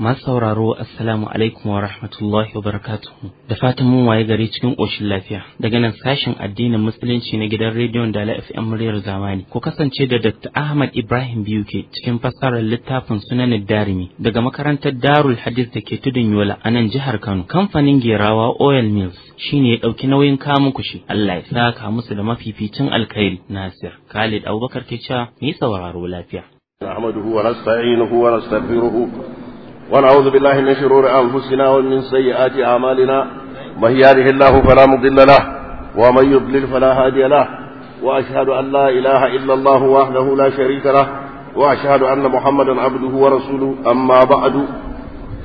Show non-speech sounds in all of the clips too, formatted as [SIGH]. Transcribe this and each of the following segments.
masu sauraro assalamu alaikum wa rahmatullahi wa barakatuhu da fatan mun waye gari cikin ƙoshin lafiya daga nan sashen addinin musulunci na gidan rediyon dala fm muryar zamani ku kasance da dr ahmad ibrahim biuke cikin fassarar littafin sunan darimi daga makarantar darul hadis da ke tudun yola a nan jihar kano kamfanin gerawa oil mills shine ya ɗauki nauyin kamun kushi allah ya saka musu da mafificin alkhairi nasir khalid abubakar ke cewa ni sauraro lafiya نحمده ونستعينه ونعوذ بالله من شرور أنفسنا ومن سيئات أعمالنا من يهده الله فلا مضل له ومن يضلل فلا هادي له وأشهد أن لا إله إلا الله وحده لا شريك له وأشهد أن محمدا عبده ورسوله أما بعد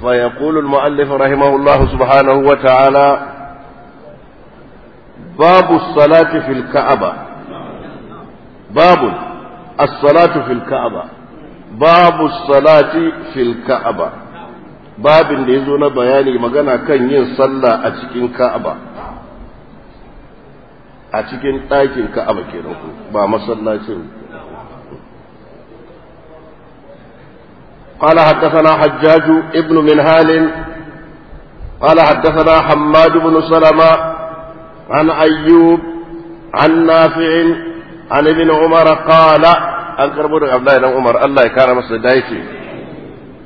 فيقول المؤلف رحمه الله سبحانه وتعالى باب الصلاة في الكعبة باب الصلاة في الكعبة باب الصلاة في الكعبة babin da ya zo na bayani magana kan yin sallah a cikin ka'aba a cikin ɗakin ka'aba kenan ku ba ma ne. kwale haddasa hajjaju ibnu min halin kwale haddasa na hamadu salama an ayyub an nafe ananin umar kala an karɓo da abu da umar allah ya kare masa da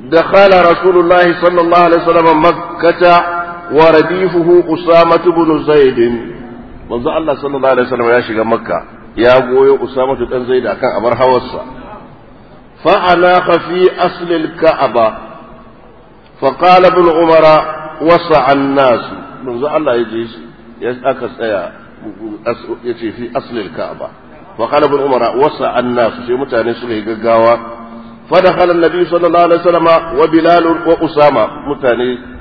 Dakala رسول الله صلى الله عليه وسلم مكة ورديفه أسامة بن زيد Allah sallallahu alaihi wasallam ya shiga Makka ya goyo Usama dan Zaid akan abar hawarsa fa ana fi asl Umar wasa an-nas Allah ya je shi ya aka tsaya yace fi asl al Umar wasa an sai mutane suka yi gaggawa فدخل النبي صلى الله عليه وسلم وبلال وأسامة متاني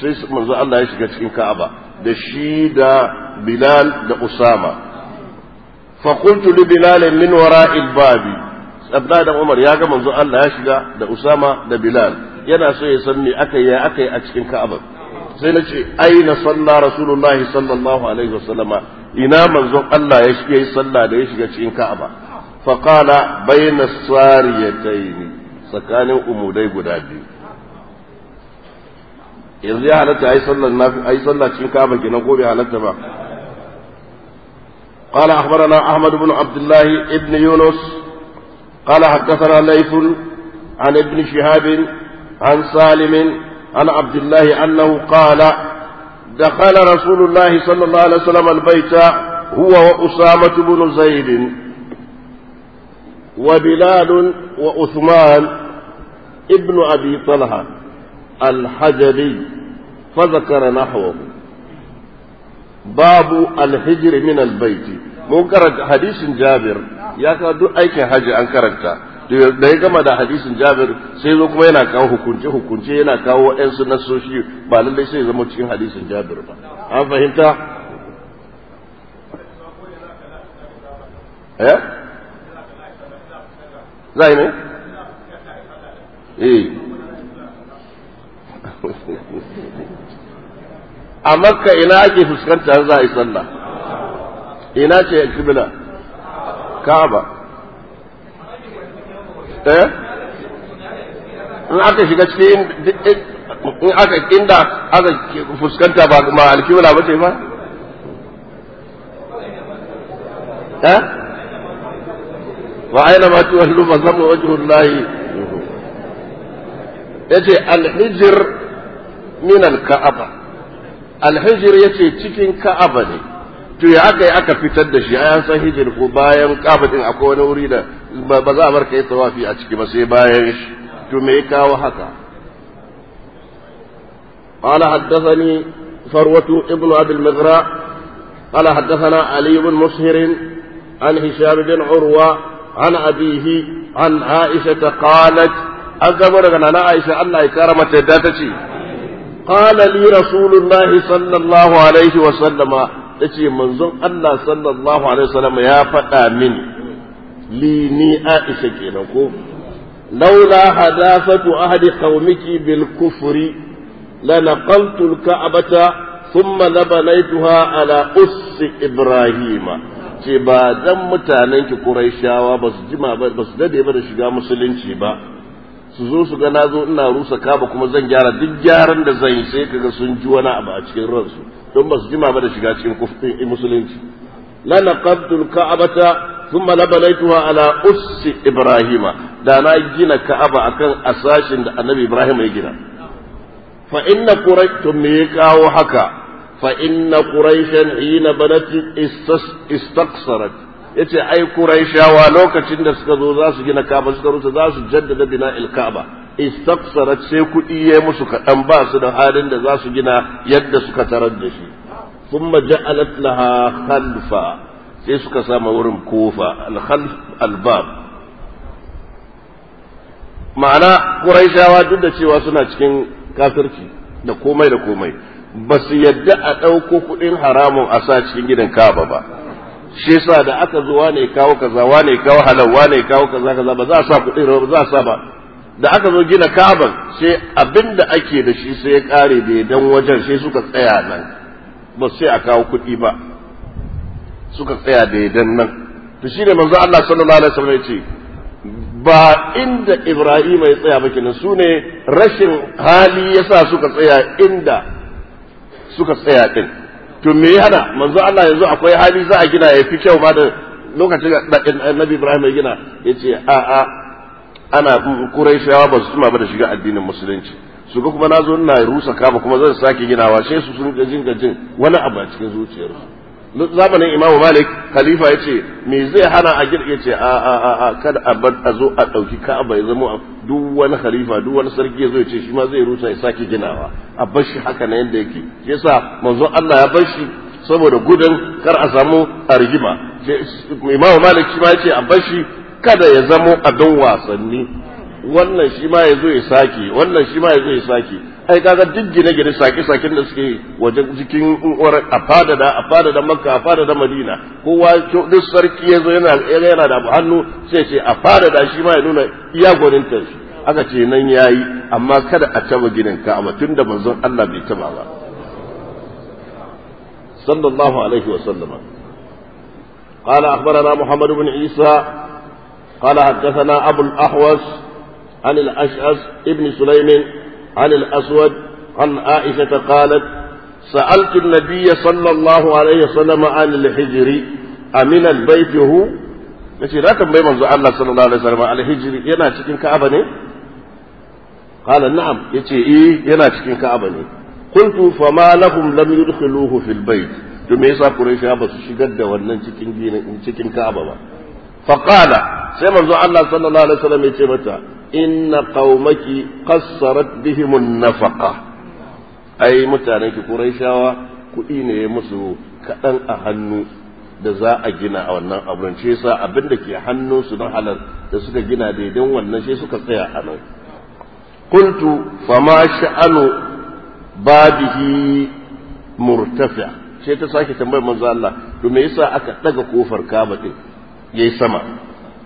sai manzo Allah ya shiga cikin Ka'aba da shi da Bilal da Usama fa qultu li Bilal min wara'il babi Abdullah da Umar ya ga manzo Allah ya shiga da Usama da Bilal yana so ya san me aka yi aka yi a cikin Ka'aba sai nace aina salla Rasulullah sallallahu alaihi wasallama ina manzon Allah ya shiga sallah da ya shiga cikin Ka'aba فقال بين الساريتين سكان أمودي guda biyu yanzu أي صلى ai sallar nafi ai sallar cikin kaba قال أخبرنا أحمد بن عبد الله ابن يونس قال حدثنا ليث عن ابن شهاب عن سالم عن عبد الله أنه قال دخل رسول الله صلى الله عليه وسلم البيت هو وأسامة بن زيد وبلال وعثمان ابن أبي طلحة الحجري فذكر نحوه باب الهجر من البيت منكر حديث جابر يا كادو أيك حاجة أنكرتها da ya gama da hadisin jabir sai zo kuma yana kawo hukunce hukunce yana kawo yan su nasoshi ba lallai sai zama cikin hadisin jabir ba an fahimta eh za yi ne? eh a makka ina ake fuskanta za a yi sallah ina ce kibla ka'aba eh in aka shiga cikin in aka inda aka fuskanta ba ma alkibla ba ce ba eh وأينما تولوا فثم وجه الله يجي الحجر من الكعبة الحجر يجي تكين كعبة تو يا أكا أكا في تدش يا أنسى هجر كوبايا كعبة إن أكون أريد بزامر كي توافي أشكي بس يبايش تو ميكا وهكا قال حدثني ثروة ابن أبي المغراء قال حدثنا علي بن مصهر عن هشام بن عروة an abihi an aisha ta qalat an gamo daga nana aisha Allah ya kara mata yadda ta ce qala sallallahu alaihi wa sallama yace manzon Allah sallallahu alaihi wa sallama ya faɗa min li aisha kenan ko laula hadafatu ahli qaumiki bil kufri la naqaltu al ka'bata thumma labanaytuha ala us ibrahima ce ba dan mutanen ki Qurayshawa ba su jima ba su dade ba da shiga musulunci ba su zo su ga na zo ina rusa kaba kuma zan gyara duk gyaran da zan yi sai kaga sun ji wani abu a cikin ransu don ba su jima ba da shiga cikin kufin musulunci la naqabtu al-ka'bata thumma labalaituha ala ussi ibrahima da na gina ka'aba akan asashin da annabi ibrahim ya gina fa inna quraytum me kawo haka فإن قريشا حين بنت استقصرت yace ai Qurayshawa lokacin da suka zo za su gina Kaaba suka rusa za su jaddada bina Kaaba istaqsarat sai kuɗi yayi musu kaɗan ba su da halin da za su gina yadda suka tarar da shi thumma ja'alat laha khalfa sai suka sama wurin kofa al ma'ana Qurayshawa duk da cewa suna cikin kafirci da komai da komai ba su yadda a ɗauko kuɗin haramun a sa cikin gidan kaba ba shi yasa da aka zo wane kawo kaza wane kawo halal wane kawo kaza kaza ba za a sa kuɗin ba za a sa ba da aka zo gina kaban sai abin da ake da shi sai ya kare da dan wajen sai suka tsaya nan ba sai a kawo kuɗi ba suka tsaya da dan nan to shi ne manzo Allah sallallahu alaihi wasallam ya ce ba inda Ibrahim ya tsaya ba kenan su ne rashin hali yasa suka tsaya inda suka tsaya din to me hana manzo Allah yanzu akwai hali za a gina ya fi kyau ba da lokacin da Annabi Ibrahim ya gina yace a a ana Qurayshawa ba su tuma ba da shiga addinin musulunci su ga kuma nazo ina rusa ba kuma zan sake ginawa sai su sun gajin gajin wani abu a cikin zuciyarsu zamanin imamu malik khalifa ya ce me zai hana a girke ce a a a a kada a bar a zo a ɗauki ka'aba ya zama duk wani khalifa duk wani sarki ya zo ya ce shi ma zai rusa ya sake ginawa a bar shi haka na yadda yake yasa manzon Allah ya bar shi saboda gudun kar a samu a rigima imamu malik shi ma ya ce a bar shi kada ya zamo a don wasanni wannan shi ma ya zo ya sake wannan shi ma ya zo ya sake ai kaga duk gine-gine sake-saken da suke wajen jikin uwar a fadada a fadada makka a fadada madina kowa duk sarki ya zo yana yana da hannu sai ce a fadada shi ma ya nuna iya gwanin shi aka ce nan yayi amma kada a taba ginin ka ka'aba tunda manzon Allah bai taba ba sallallahu alaihi wa sallama qala akhbarana muhammad ibn isa qala hadathana abul ahwas anil ash'as ibn سليم عن الأسود عن عائشة قالت سألت النبي صلى الله عليه وسلم عن الحجر أمن البيت هو نشي لا تنبي منذ الله صلى الله عليه وسلم على الحجر ينا تكين كعبة قال نعم يتي إيه ينا تكين كعبة قلت فما لهم لم يدخلوه في البيت to me yasa Qurayshawa ba su shigar da wannan cikin cikin Ka'aba ba faqala sai manzo Allah sallallahu alaihi wasallam ya ce mata inna qaumaki qassarat bihim an-nafaqa ai mutanen ki quraishawa kuɗi ne musu kaɗan a hannu da za a gina a wannan abin shi yasa abin da ke hannunsu na halal da suka gina daidan wannan shi suka tsaya a nan qultu fama sha'anu babihi murtafi sai ta sake tambayar manzo Allah to me yasa aka daga kofar kaba din yayi sama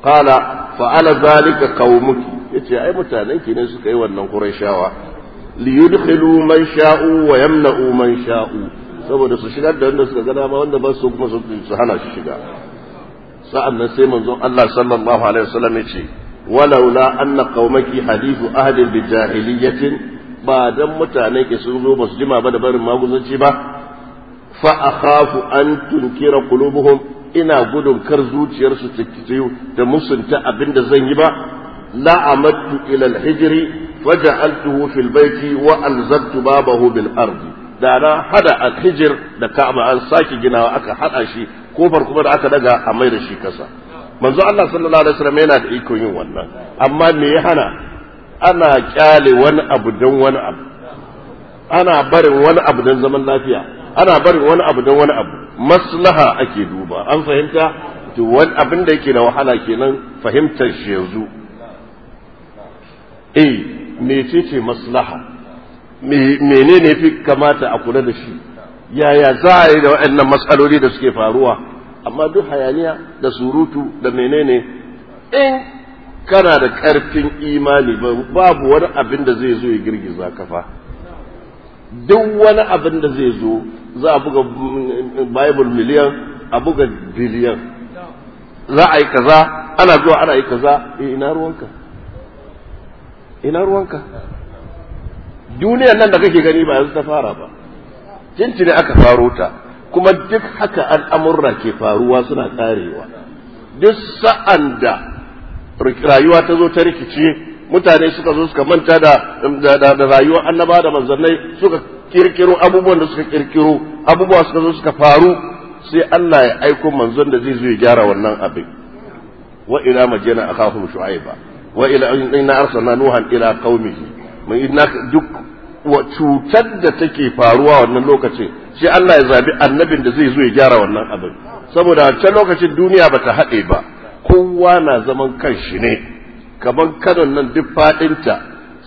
qala fa ala zalika qaumuki yace ai mutanen ki ne suka yi wannan qurayshawa li yudkhilu man sha'u wa yamna'u man sha'u saboda su shigar da wanda suka gada ba wanda ba su kuma su hana shi shiga sa'annan sai manzon Allah sallallahu alaihi wasallam yace walaula anna qaumaki hadithu ahli bijahiliyatin ba dan mutanen ki sun zo ba su jima ba da barin maguzanci ba fa akhafu an tunkira qulubuhum ina gudun kar zuciyarsu ta da musunta abin da zan yi ba la'amattu ila al-hijri waja'altuhu fil baiti wa alzabtu babahu da na hada al-hijr da ka'aba an saki ginawa aka haɗa shi kofar kuma da aka daga a mai da shi kasa manzo Allah sallallahu alaihi wasallam yana da ikon yin wannan amma me ya hana ana kyale wani abu don wani abu ana barin wani abu don zaman lafiya ana barin wani abu don wani abu maslaha ake duba an fahimta to abin da yake da wahala kenan fahimtar shi yanzu eh ce maslaha menene fi kamata a kula da shi yaya za a yi da waɗannan matsaloli da suke faruwa amma duk hayaniya da surutu da menene in kana da ƙarfin imani babu wani abin da zai zo ya girgiza kafa duk wani abin da zai zo za a buga mm, bible miliyan a buga biliyan za a yi kaza ana zuwa ana yi kaza eh, ina ruwanka ina ruwanka duniyan nan da kake gani ba yanzu ta fara ba cincin aka faro ta kuma duk haka al'amurra ke faruwa suna karewa duk sa'an da rayuwa ta zo ta rikice mutane suka zo suka manta da da rayuwar annaba da manzannai suka kirkiro abubuwan da suka kirkiro abubuwa suka zo suka faru sai Allah ya aiko manzon da zai zo ya gyara wannan abin wa ila majina akahum shu'aiba wa ila inna arsalna nuhan ila qaumihi mun inna duk wa cutar da take faruwa wannan lokacin shi Allah ya zabi annabin da zai zo ya gyara wannan abin saboda can lokacin duniya bata haɗe ba kowa na zaman kanshi ne kaman Kano nan duk faɗinta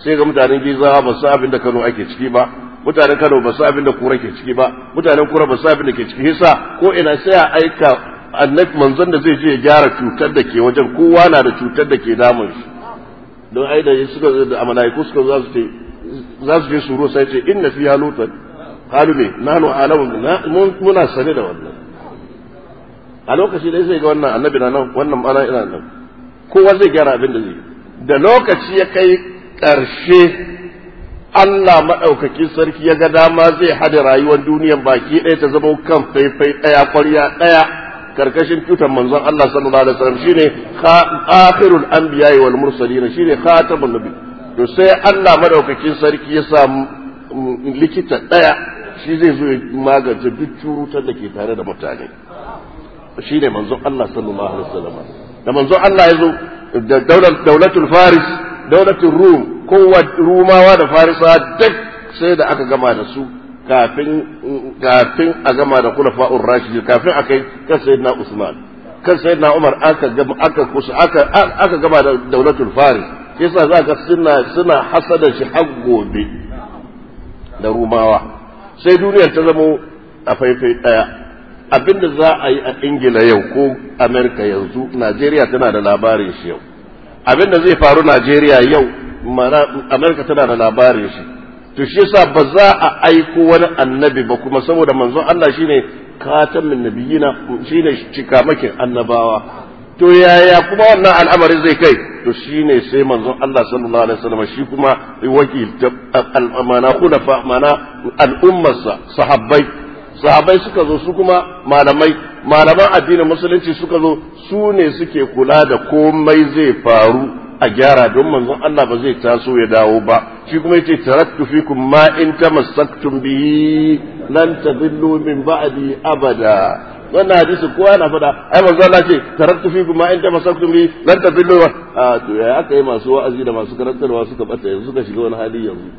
sai ga mutanen gizawa ba su abin da kano ake ciki ba mutanen kano ba su abin da kura ke ciki ba mutanen kura ba su abin da ke ciki hisa ko ina sai a aika annabi manzon da zai je ya gyara cutar da ke wajen kowa na da cutar da ke damun shi don ai da suka zo da malaiku suka za su ce za su je su ruwa sai ce inna na lutan qalu me nahnu Na muna sane da wannan a lokaci dai zai ga wannan annabi na nan wannan ana ina nan kowa zai gyara abin da zai da lokaci ya kai ƙarshe Allah maɗaukakin sarki ya ga dama zai hada rayuwar duniyar baki ɗaya ta zama kan faifai ɗaya ƙwarya ɗaya karkashin tutan manzon Allah sallallahu alaihi wasallam shine akhirul anbiya'i wal mursalin shine khatamun nabi to sai Allah madaukakin sarki ya sa mm, likita daya shi zai zo magance duk curutar da ke tare da mutane shine manzon Allah sallallahu alaihi wasallam da manzon Allah ya zo da daulatul faris daulatul rum kowa rumawa da farisa duk sai da aka gama da su kafin a gama da khulafa'ur rashid kafin akai kan sayyidina usman kan sayyidina umar aka gama aka kusa gama da daulatul faris yasa za ka suna suna hasada shi har gobe da rumawa sai duniyar ta zama a faifai daya abinda za a yi a ingila yau ko amerika yanzu najeriya tana da labarin shi yau abinda zai faru najeriya yau amerika tana da labarin shi to shi yasa ba za a aiko wani annabi ba kuma saboda manzon Allah shine katamin nabiyina shine cikamakin annabawa to yaya kuma wannan al'amari zai kai to shine sai manzon Allah sallallahu alaihi wasallam shi kuma wakil al'amana kuna fa mana al'ummarsa sahabbai sahabbai suka zo su kuma malamai malaman addinin musulunci suka zo su ne suke kula da komai zai faru a gyara don manzon Allah ba zai taso ya dawo ba shi kuma yace tarattu fikum ma in tamassaktum bihi lan tadillu min ba'di abada wannan hadisi kowa yana faɗa ai manzon Allah ce tarattu fikum ma in tamassaktum bihi lan tadillu a to ya aka yi masu wa'azi da masu karantarwa suka bata yanzu suka shiga wani hali yanzu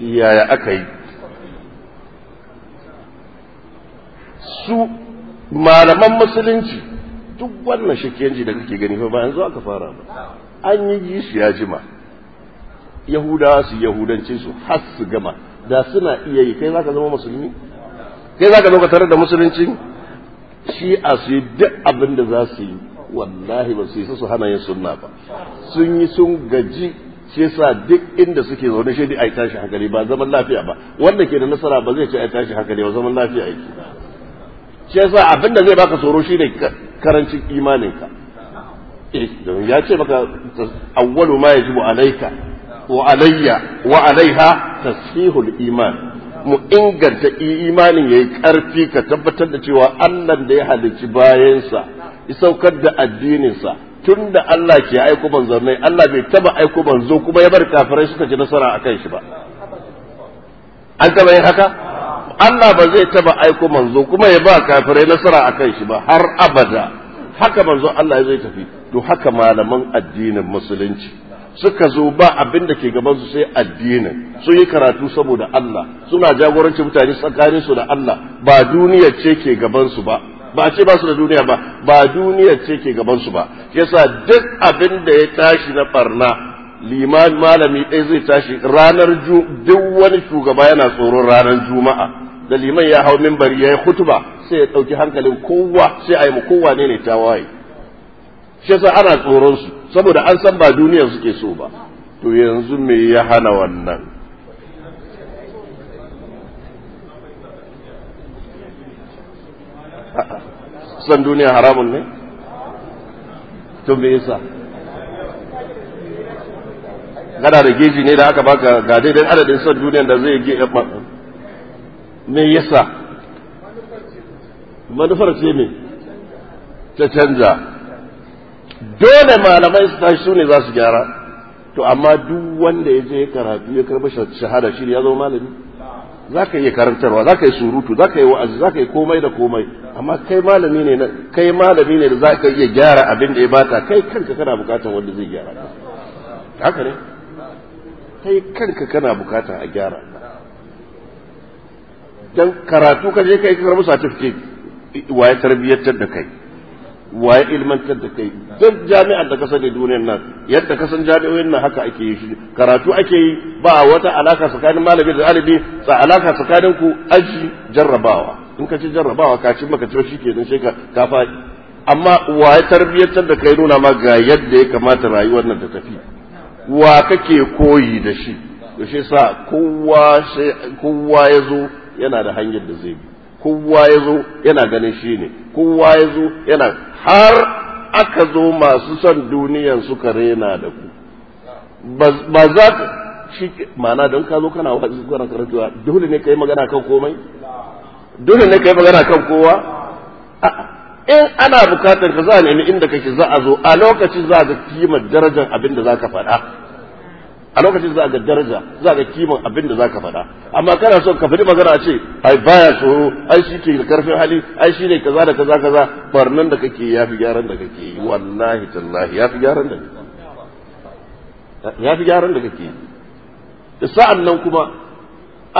yaya aka yi su malaman musulunci duk wannan ji da kake gani fa ba yanzu aka fara ba an yi shi ya jima yahudawa su Yahudanci su har su gama da suna iya yi kai zaka zama musulmi kai zaka zo ka tare da musulunci shi a su yi duk abin da za su yi wallahi ba su yi su hana yin sunna ba sun yi sun gaji shi yasa duk inda suke zaune shi ai tashi hankali ba zaman lafiya ba wanda ke da nasara ba zai ce ai tashi hankali ba zaman lafiya yake shi yasa abin da zai baka tsoro shi ne karancin imaninka eh, don ya ce maka awwalu ma yajibu alayka wa alayya wa alaiha tasihul iman mu inganta imanin yayi karfi ka tabbatar da cewa Allah da ya halicci bayansa ya saukar da addininsa tun da Allah ke aiko banzo mai Allah bai taba aiko banzo kuma ya bar kafirai suka ji nasara akan shi ba an taba yin haka Allah ba zai taba aiko manzo kuma ya ba kafirai nasara kan shi ba har abada haka manzo Allah zai tafi to haka malaman addinin musulunci suka zo ba abin da ke gaban su sai addinin sun yi karatu saboda Allah suna jagoranci mutane tsakanin su da Allah ba duniya ce ke gaban su ba ba ce ba su da duniya ba ba duniya ce ke gaban su ba yasa duk abin da ya tashi na barna liman malami ɗaya zai tashi ranar duk wani shugaba yana tsoron ranar juma'a da liman ya hau mimbari ya yi hutuba sai ya ɗauki hankalin kowa sai a yi kowa ne ne tawaye shi yasa ana tsoron su saboda an san ba duniyar suke so ba to yanzu me ya hana wannan san duniya haramun ne to me yasa gada da geji ne da aka baka ga daidai adadin son duniyar da zai ge me yasa manufar ce me ta canza dole malamai su tashi su ne za su gyara to amma duk wanda ya je karatu ya karba shahada shi ya zama malami za ka iya karantarwa za ka yi surutu za ka yi wa'azi za ka yi komai da komai amma kai malami ne kai malami ne da za ka iya gyara abin da ya bata kai kanka kana bukatar wanda zai gyara haka ne kai kanka kana bukatar a gyara dan karatu ka je kai ka karbi certificate waye tarbiyyantar da kai waye ilmantar da kai duk jami'ar da ka sani duniyar nan yadda ka san jami'o'in nan haka ake yi shi karatu ake yi ba wata alaka tsakanin malami da ɗalibi sa alaka tsakanin ku aji jarrabawa in ka ci jarrabawa ka ci maka ci ke sai ka ka faɗi amma waye tarbiyyantar da kai nuna ma ga yadda ya kamata rayuwar nan ta tafi wa kake koyi da shi to sa kowa kowa ya zo yana da hanyar da zai bi kowa ya zo yana ganin shi ne kowa ya zo yana har aka zo masu son duniyan suka rena da ku ba za ka shi ma'ana don ka zo kana wa'azi kana karatuwa dole ne ka yi magana kan komai dole ne ka yi magana kan kowa in ana bukatar ka za a nemi inda kake za a zo a lokaci za ga kima darajar abin da za ka faɗa a lokacin za ga daraja za ga kiman abin da za ka faɗa amma kana so ka faɗi magana a ce ai baya tsoro ai shi ke da karfin hali ai shi ne kaza da kaza kaza barnan da kake ya fi gyaran da kake yi wallahi tallahi ya fi gyaran da ya fi gyaran da kake yi da sa'an nan kuma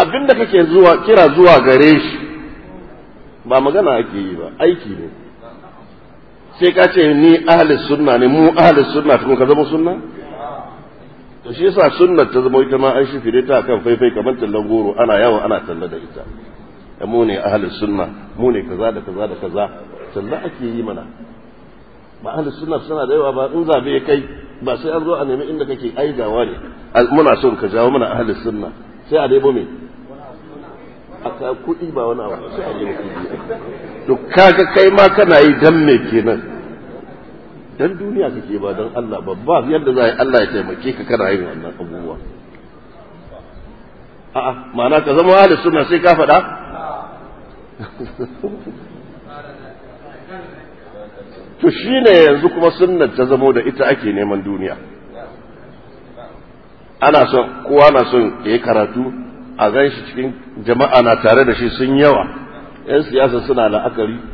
abin da kake zuwa kira zuwa gare shi ba magana ake yi ba aiki ne sai ka ce ni ahli sunna ne mu ahli sunna kuma ka zama sunna to shi yasa sunnar ta zama ita ma an shifire ta kan faifai kamar tallan goro ana yawan ana talla da ita mu ne ahalin sunna mu ne kaza da kaza da kaza talla ake yi mana ba ahalin sunna suna da yawa ba in zabe ya kai ba sai an zo a nemi inda kake aigawa ne muna son ka jawo mana ahalin sunna sai a debo me a kuɗi ba wani abu sai a debo kuɗi to kaga kai ma kana yi dan me kenan dan duniya kake ba dan Allah ba ba yadda za a yi Allah ya taimake ka kana yin wannan abubuwa a'a ma'ana ka zama ahlus sunna sai ka faɗa [LAUGHS] to shine yanzu kuma sunnar ta zamo da ita ake neman duniya ana son kowa na son yayi karatu a ganshi cikin jama'a na tare da shi sun yawa 'yan siyasa suna la'akari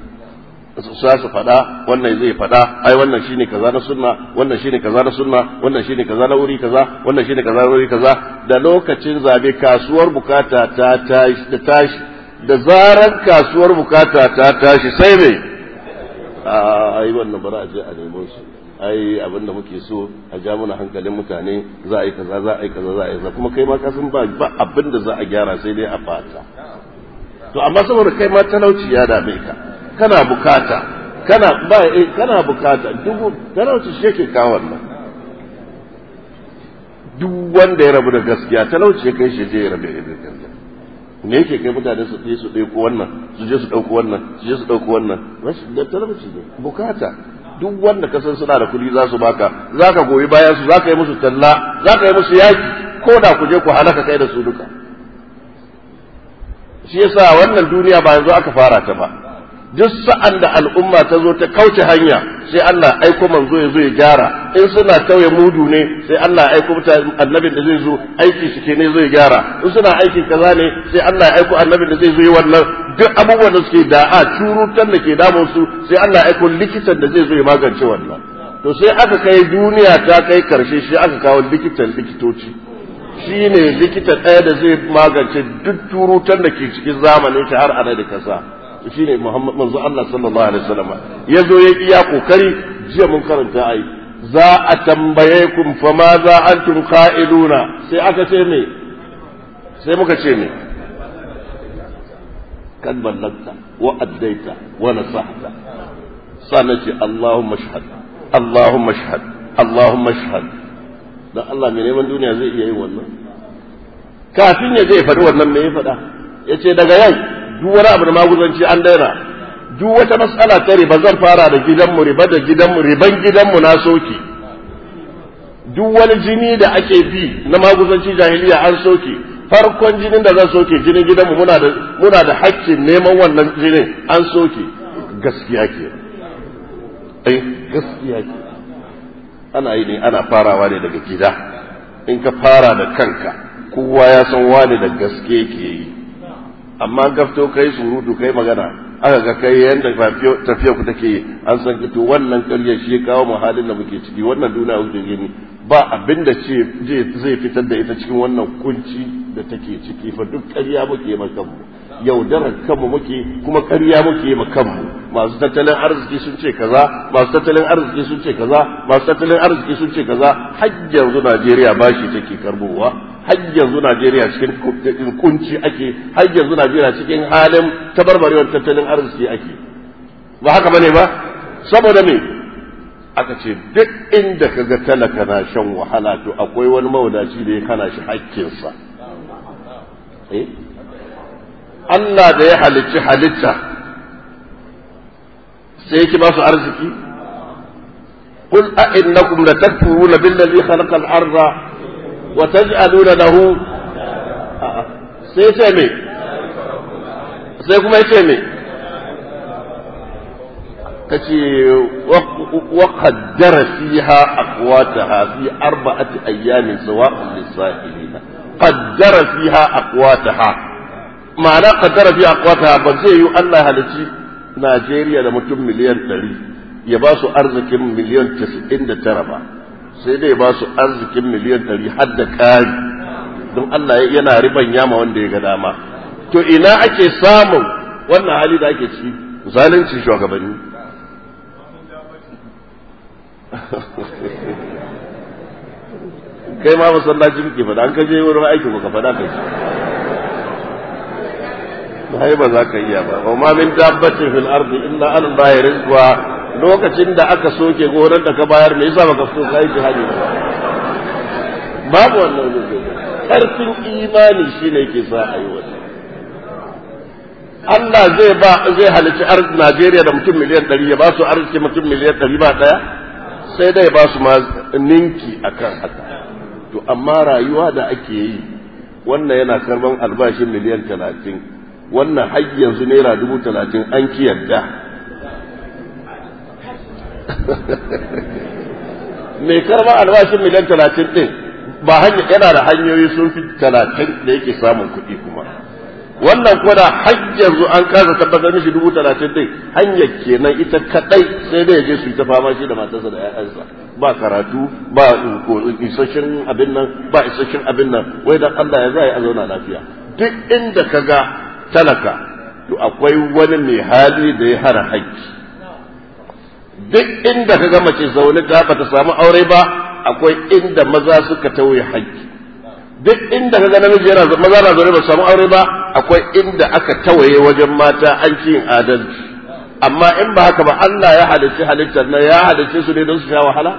za su faɗa wannan zai faɗa ai wannan shine kaza na sunna wannan shine kaza na sunna wannan shine kaza na wuri kaza wannan shine kaza na wuri kaza da lokacin zabe kasuwar bukata ta tashi da tashi da zarar kasuwar bukata ta tashi sai me ai wannan bara je a nemo su ai abin da muke so a ja mana hankalin mutane za a yi kaza za a yi kaza za a yi kaza kuma kai ma ka san ba ba abin da za a gyara sai dai a fata to amma saboda kai ma talauci ya dame ka kana bukata kana ba eh kana bukata dubu talauci shi yake kawo wannan duk wanda ya rabu da gaskiya talauci ya kai shi je ya rabu da gaskiya me yake kai mutane su je su ɗauko wannan su je su ɗauko wannan su je su ɗauko wannan rashin da talauci ne bukata duk wanda ka san suna da kuɗi za su baka za ka goyi bayan su za ka yi musu talla za ka yi musu yaki ko da ku je ku halaka kai da su duka shi yasa wannan duniya ba yanzu aka fara ta ba duk sa'an da al'umma ta zo ta kauce hanya sai Allah aiko manzo ya zo ya gyara in suna kauye mudu ne sai Allah aiko annabin da zai zo aiki shi ke ne zai gyara in suna aiki kaza ne sai Allah aiko annabin da zai zo yi wannan duk abubuwan da suke da'a curutan da ke damun su sai Allah aiko likitan da zai zo ya magance wannan to sai aka kai duniya ta kai karshe shi aka kawo likitan likitoci shi ne likita ɗaya da zai magance duk turutan da ke cikin zamanin ta har ana da kasa shine Muhammad manzo Allah sallallahu alaihi wasallam yazo ya iya kokari jiya mun karanta ai za a tambaye kun fa ma za antum qa'iluna sai aka ce me sai muka ce me kad ballagta wa addaita wa nasahta sannan ce Allahumma shahad Allahumma shahad Allahumma shahad dan Allah mai neman duniya zai iya yin wannan kafin ya je ya faɗi wannan me ya faɗa yace daga yau duk wani abu da maguzanci an daina duk wata matsala ta riba zan fara da gidanmu riba da gidanmu riban gidanmu na soke duk wani jini da ake bi na maguzanci jahiliya an soke farkon jinin da zan soke jinin gidanmu muna da muna da haƙƙin neman wannan jinin an soke gaskiya ke eh gaskiya ke ana yi ne ana farawa ne daga gida in ka fara da kanka kowa ya san wani da gaske ke yi amma gafto kai surutu kai magana aka ga kai yanda tafiya ku take an san kito wannan ƙarya shi kawo mu halin da muke ciki wannan duniya wuce gani ba abin da ce zai fitar da ita cikin wannan kunci da take ciki fa duk ƙarya muke ma kanmu yaudarar kanmu muke kuma ƙarya muke ma kanmu masu tattalin arziki sun ce kaza masu tattalin arziki sun ce kaza masu tattalin arziki sun ce kaza har yanzu Najeriya ba shi take karbowa har yanzu Najeriya cikin kunci ake har yanzu Najeriya cikin halin tabarbarewar tattalin arziki ake ba haka bane ba saboda me aka ce duk inda ka ga talaka na shan wahala to akwai wani mawadaci da ya kana shi hakkinsa eh? Allah da ya halicci halitta sai ki ba su arziki قل أئنكم لتكفرون بالذي خلق الأرض wa taj'aluna lahu sai ce me sai kuma yace me kace wa qaddara fiha aqwataha fi arba'ati ayyamin sawa'an lisa'ilina qaddara fiha aqwataha ma'ana qaddara fiha aqwataha ba zai yi Allah halici Najeriya da mutum miliyan 100 ya ba su arzikin miliyan 99 ba sai dai ba su arzikin miliyan ɗari har da ƙari don Allah yana riban yama wanda ya ga dama to ina ake samun wannan hali da ake ci zalunci shugabanni [LAUGHS] kai ma masallaci muke fada an kaje wurin aikin ka fada kai ba ba za ka iya ba wa ma min dabbatin fil ardi illa an bayarin zuwa lokacin da aka soke gonar da ka bayar me yasa baka fito kai jihadi ba babu wannan lokacin karfin imani shine ke sa a yi wannan Allah zai ba zai halici arzikin Najeriya da mutum miliyan ɗari ya ba su arziki mutum miliyan ɗari ba ɗaya sai dai ba su ma ninki akan haka to amma rayuwa da ake yi wannan yana karban albashin miliyan talatin wannan har yanzu naira dubu talatin an kiyar da. [LAUGHS] mai karɓar albashin miliyan talatin ɗin ba hanya yana da hanyoyi sun fi talatin da yake samun kuɗi kuma wannan kuma da hanyar zu an kasa tabbatar mishi dubu talatin ɗin hanyar kenan ita kaɗai sai dai je su yi ta fama shi da matarsa da 'ya'yansa ba karatu ba isasshen abin nan ba isasshen abin nan wai dan Allah ya za a zauna lafiya duk inda ka ga talaka to akwai wani mai hali da ya hara haƙƙi duk inda ka gama ce zaune ta ba ta samu aure ba akwai inda maza suka tauye haƙƙi duk inda ka ga namiji yana maza na zaune ba samu aure ba akwai inda aka tawaye wajen mata an ci yin adalci amma in ba haka ba Allah ya halicci halittar nan ya halicce su ne don su sha wahala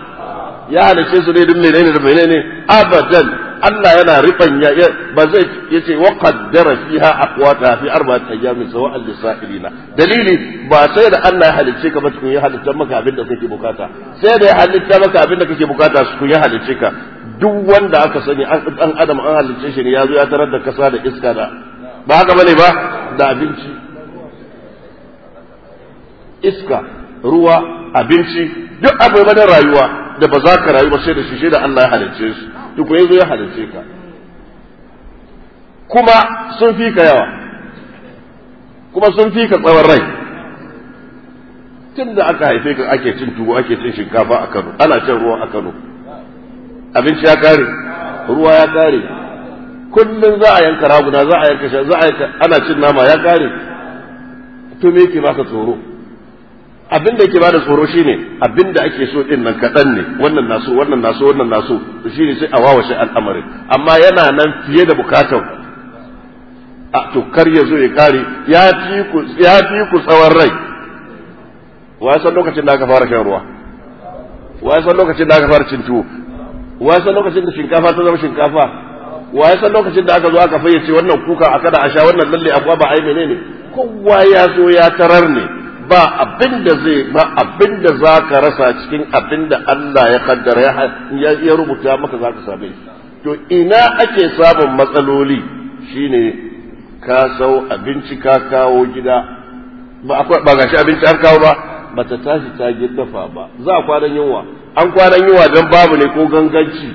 ya halicce su ne don menene da menene abadan Allah yana rifan ya ba zai ce wa qaddara fiha aqwata fi arba'ati ayyamin sawa al-lisa'ilina dalili ba sai da Allah ya halicce ka ba tukun ya halitta maka abin da kake bukata sai da ya halitta maka abin da kake bukata su ya halicce ka duk wanda aka sani an adam an halicce shi ne ya zo ya tarar da kasa da iska da ba haka bane ba da abinci iska ruwa abinci duk abubuwan rayuwa da ba za ka rayu ba sai da shi da Allah ya halicce shi. duk ya zo ya halarce ka kuma sun fi ka yawa kuma sun fi ka tsawon rai tun da aka haife ka ake cin tuwo ake cin shinkafa a Kano ana cin ruwa a Kano abinci ya kare ruwa ya kare kullum za a yanka raguna za a yanka za a yanka ana cin nama ya kare to me yake baka tsoro abin da yake bada tsoro shine abin da ake so din nan kaɗan ne wannan naso wannan naso wannan naso shi ne sai a wawashe al'amarin amma yana nan fiye da bukatar a to kar ya zo ya kare ya fi ku tsawon rai wa san lokacin da aka fara shan ruwa wa san lokacin da aka fara cin tuwo wa san lokacin da shinkafa ta zama shinkafa wa san lokacin da aka zo aka fayyace wannan kuka a kada a sha wannan lalle abuwa ba ai menene kowa ya zo ya tarar ne ba abin da zai ba abin da za ka rasa cikin abin da Allah ya kaddara ya rubuta maka za ka same to ina ake samun matsaloli shine ka sau abinci ka kawo gida ba akwai ba gashi abinci an kawo ba Ba ta tashi ta dafa ba za a kwanan yunwa an kwanan yunwa don babu ne ko ganganci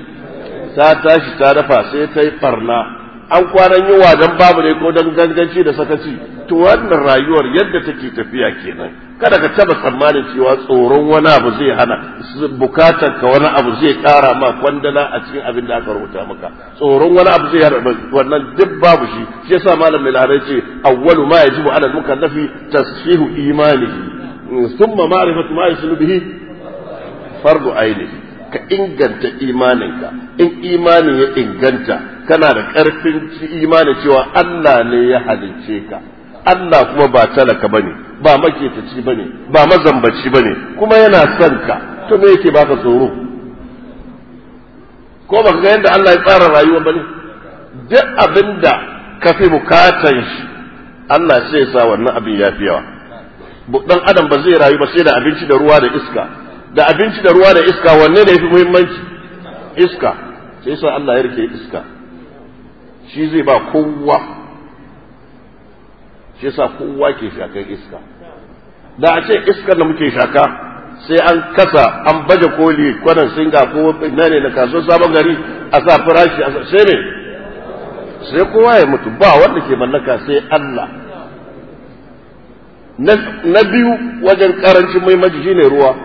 ta tashi ta dafa sai ta yi farna. an kwanan yunwa don babu ne ko don ganganci da sakaci to wannan rayuwar yadda take tafiya kenan kada ka taba tsammanin cewa tsoron wani abu zai hana bukatar ka wani abu zai kara ma kwandala a cikin abin da aka rubuta maka tsoron wani abu zai hana wannan duk babu shi shi yasa malam mai larai ce awwalu ma yajibu ala mukallafi tasfihu imanihi mm, thumma ma'rifatu ma yusulu bihi fardu ainihi ka inganta imaninka in imanin ya inganta kana da ƙarfin imanin cewa Allah ne ya halicce ka Allah kuma ba talaka bane ba maketaci bane ba mazambaci bane kuma yana son ka to me yake baka tsoro ko baka ga yadda Allah ya tsara rayuwa bane duk abinda ka fi bukatan shi Allah sai ya sa wannan abin ya fi yawa dan adam ba zai rayu ba sai da abinci da ruwa da iska da abinci da ruwa da iska wanne ne yafi muhimmanci iska sai sa Allah ya rike iska shi zai ba kowa shi yasa kowa ke shakar iska da a ce iskar da muke shaka sai an kasa an baje koli kwanan singa ko na ne na kasuwar sabon gari a sa farashi a sai ne sai kowa ya mutu ba wanda ke mallaka sai Allah na biyu wajen karancin maimaji shine ruwa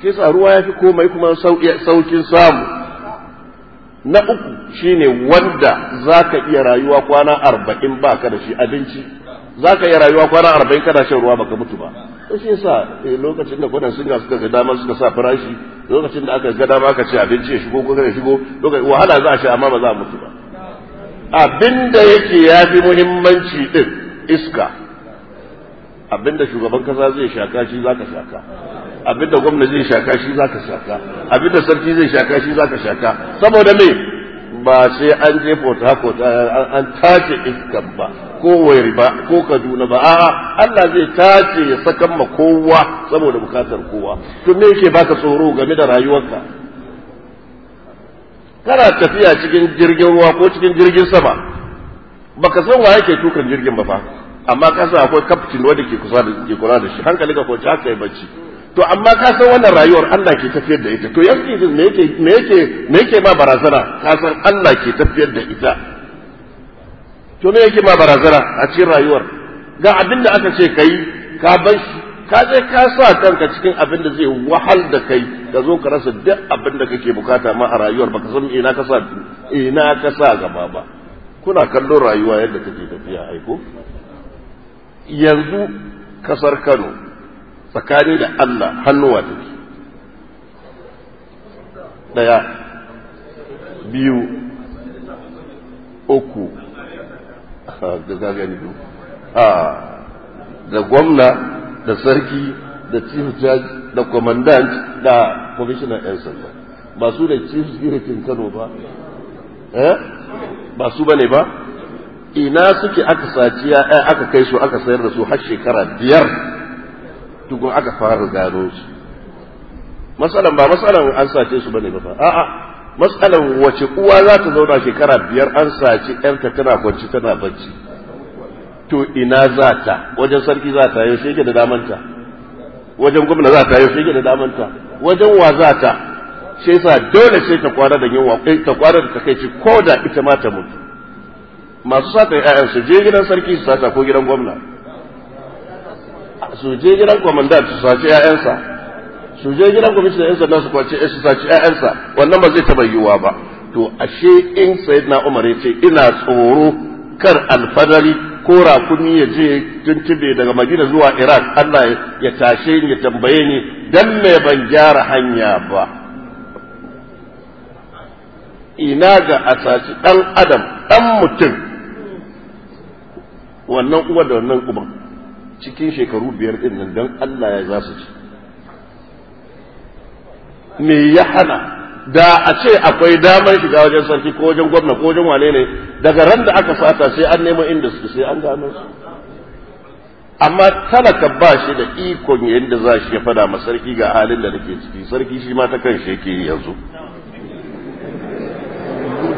shi yasa ruwa ya fi komai kuma saukin samu na uku shine wanda za ka iya rayuwa kwana arba'in baka da shi abinci za ka iya rayuwa kwana arba'in kana shan ruwa baka mutu ba to shi yasa eh, lokacin da kwanan singa suka ga dama suka sa farashi lokacin da aka ga dama aka ce abinci ya shigo kuka ya shigo lokacin wahala za a sha amma ba za a mutu ba abinda yake ya fi muhimmanci din iska abinda shugaban kasa zai shaka shi za ka shaka abinda gwamna zai shaka shi za ka shaka abinda sarki zai shaka shi za ka shaka saboda me ba sai an je Port Harcourt an tace iskan ba ko ba ko Kaduna ba a'a Allah zai tace ya sakan ma kowa saboda bukatar kowa to me yake baka tsoro game da rayuwarka kana tafiya cikin jirgin ruwa ko cikin jirgin sama baka san wa yake tukan jirgin ba fa amma ka sa akwai captain wanda ke kusa da ke kula da shi hankali ka ko ta kai bacci to amma ka san wannan rayuwar Allah ke tafiyar da ita to yanzu me yake me yake me yake ma barazana ka san Allah ke tafiyar da ita to me yake ma barazana a cikin rayuwar ga abin da aka ce kai ka bar shi ka je ka sa kanka cikin abin da zai wahal da kai ka zo ka rasa duk abin da kake bukata ma a rayuwar baka san ina ka sa ina ka sa gaba ba kuna kallon rayuwa yadda take tafiya aiko yanzu kasar Kano tsakani da Allah hannuwa ke ɗaya biyu uku da gagari a da gwamna da sarki da chief judge da commandant da commissioner 'yan sanda ba su da chief security kano ba eh? ba su bane ba ina suke aka saciya eh, aka kai su aka sayar da su har shekara biyar tukun aka fara gano su matsalan ba matsalan an sace su bane ba a'a matsalan wace uwa za ta zauna shekara biyar an sace yarta tana kwanci tana bacci to ina za ta wajen sarki za ta yaushe yake da damanta wajen gwamna za ta yaushe yake da damanta wajen wa za ta sai sa dole sai ta kwana da yunwa eh, ta kwana da takaici ko da ita ma ta mutu masu sata yi su je gidan sarki su sata ko gidan gwamna su je gidan kwamandan su sace ƴaƴansa, su je gidan kwamishin ƴaƴansa sanda su kwace su sace ƴaƴansa, wannan ba zai taɓa yiwuwa ba to ashe in sayyidina umar ya ce ina tsoro kar alfadari ko rakuni ya je tuntube daga madina zuwa iraq allah ya tashe ni ya tambaye ni dan me ban gyara hanya ba ina ga a sace ɗan adam ɗan mutum wannan uwa da wannan uban cikin shekaru biyar din nan don Allah ya za su ci me ya hana da a ce akwai damar shiga wajen sarki ko wajen gwamna ko wajen wane ne daga ran da aka sata sai an nemo inda su sai an gano su amma talaka ba shi da ikon yadda za shi ya fada ma sarki ga halin da nake ciki sarki shi ma ta kanshi yake yanzu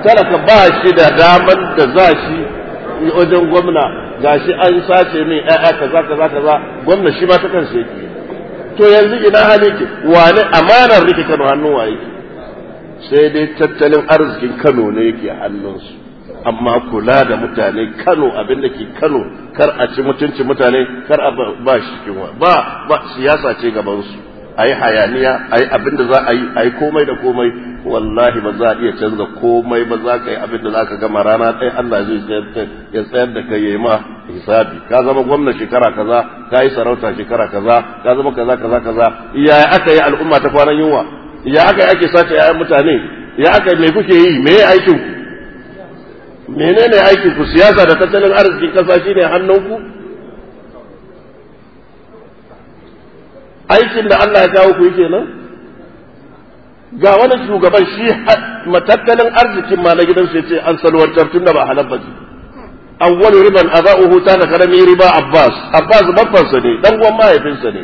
talaka ba shi da damar da za shi wajen gwamna gashi an sace min ƴaƴa kaza kaza kaza gwamna shi ma ta kan yake to yanzu ina hali ke wani amanar rike Kano hannun waye sai dai tattalin arzikin Kano ne yake hannunsu amma kula da mutane Kano abin da ke Kano kar a ci mutunci mutane kar a ba shi ke ba ba siyasa ce gabansu. su ayi hayaniya ayi abin da za a yi ayi komai da komai wallahi ba za a iya canza komai ba za ka yi abin da za ka gama rana ɗaya Allah zai ya tsayar da kai ya yi ma hisabi ka zama gwamna shekara kaza ka yi sarauta shekara kaza ka zama kaza kaza kaza ya aka yi al'umma ta kwanan yunwa ya aka yi ake sace yayan mutane ya aka me kuke yi me ya aikin ku menene aikin ku siyasa da tattalin arzikin kasa shine hannunku aikin da Allah ya kawo ku yi kenan ga wani shugaban shi matattalin arzikin ma na gidansu ya ce an salwantar tun da ba halal ba ce awwal riban aba'uhu ta na karami riba abbas abbas babbansa ne dan uwan mahaifinsa ne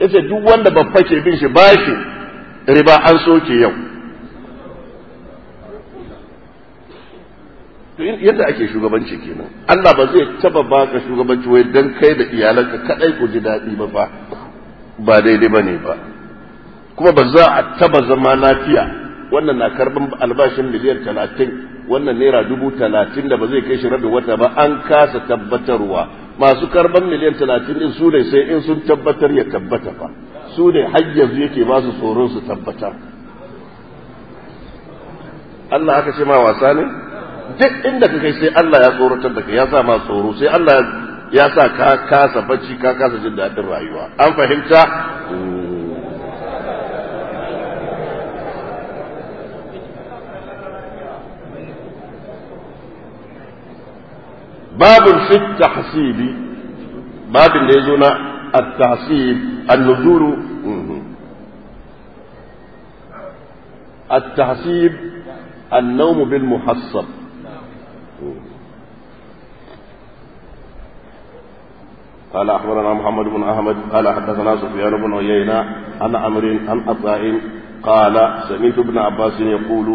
yace duk wanda babba ke bin shi bashi riba an soke yau yadda ake shugabanci kenan Allah ba zai taba baka shugabanci wai dan kai da iyalanka kadai ku ji daɗi ba ba daidai bane ba kuma ba za a taba zama lafiya wannan na karbin albashin miliyan talatin wannan naira dubu talatin da ba zai kai shi rabin wata ba an kasa tabbatarwa masu karban miliyan talatin din su ne sai in sun tabbatar ya tabbata fa su ne har yanzu yake ba su tsoron su tabbatar Allah haka ce ma wasa ne duk inda ka kai sai Allah ya tsoratar da kai ya sa ma tsoro sai Allah ya sa ka kasa bacci ka kasa jin daɗin rayuwa an fahimta باب في tahsibi باب da yazo na at النوم بالمحصب قال أخبرنا محمد بن أحمد قال حدثنا سفيان بن عيينة عن عمرو عن عطاء قال سمعت ابن عباس يقول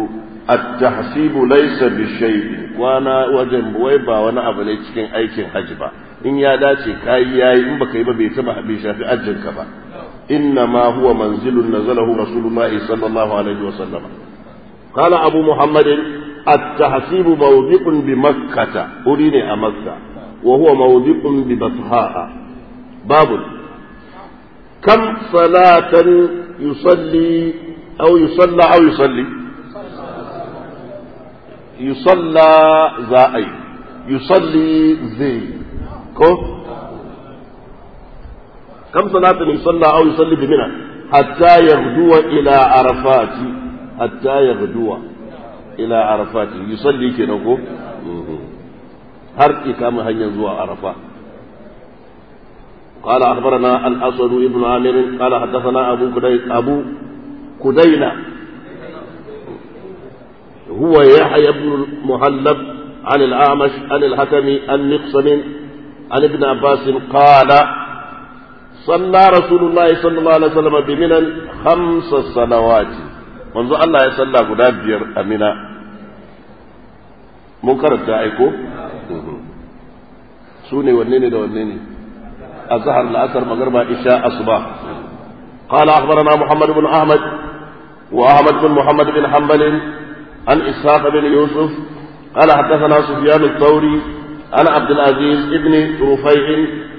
at-tahsibu laysa bi shay'in kwana wajen wai ba wani abu ne cikin aikin haji ba in ya dace kai yayi in baka yi ba bai taba bai shafi ajin ka ba inna ma huwa manzilun nazalahu rasulullahi sallallahu alaihi wasallam qala abu muhammadin at-tahsibu mawdi'un bi makkata, uri ne a makkah wa huwa mawdi'un bi basha'a babu kam salatan yusalli aw yusalla aw yusalli yusalla za a yi yusalli zai ko kam salatin yusalla aw yusalli bi mina hatta yaghduwa ila arafati hatta yaghduwa ila arafati yusalli kenan ko mhm. har ikama hanyar zuwa arafa قال أخبرنا الأسد بن عامر قال na Abu Kudaina. هو يحيى بن المهلب عن الأعمش عن الحكم عن مقسم عن ابن عباس قال صلى رسول الله صلى الله عليه وسلم بمنى خمس صلوات منذ الله يصلى قدابير أمنا منكر التعيكو سوني والنيني دو والنيني الزهر الأثر مغربة إشاء أصباح قال أخبرنا محمد بن أحمد وأحمد بن محمد بن حنبل عن إسحاق بن يوسف قال حدثنا سفيان الثوري عن عبد العزيز بن رفيع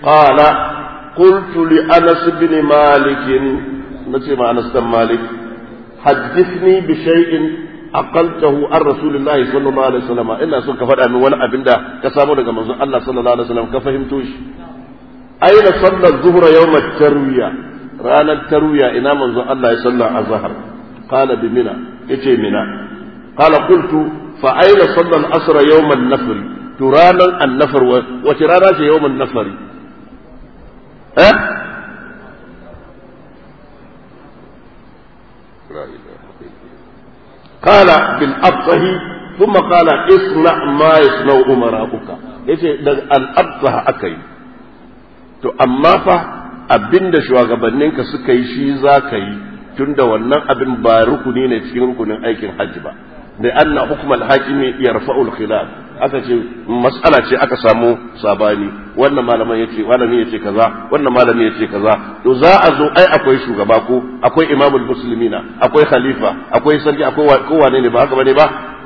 قال قلت لأنس بن مالك نسي ما أنس بن مالك حدثني بشيء أقلته عن رسول الله صلى الله عليه وسلم إلا سنك فرع من ولا أبنده كسامونا كما الله صلى الله عليه وسلم كفهمتوش أين صلى الظهر يوم التروية رأنا التروية ان من الله صلى الله عليه وسلم قال بمنى إيه منى قال قلت fa aina salla يوم النفر ترانا النفر وترانا to ranar an-nafr قال بالأبطه ثم قال اصنع ما يصنع أمراؤك yace daga al'abta aka yi to amma fa abinda shugabanninka suka yi shi za ka yi tunda wannan abin ba rukuni ne cikin rukunin aikin hajji ba da anna hukmal hakimi yarfa'ul khilaf aka ce mas'ala ce aka samu sabani wannan malamin yace malami yace kaza wannan malami yace kaza to za a zo ai akwai shugaba ko akwai imamul muslimina akwai khalifa akwai sarki akwai kowa ne ba haka bane ba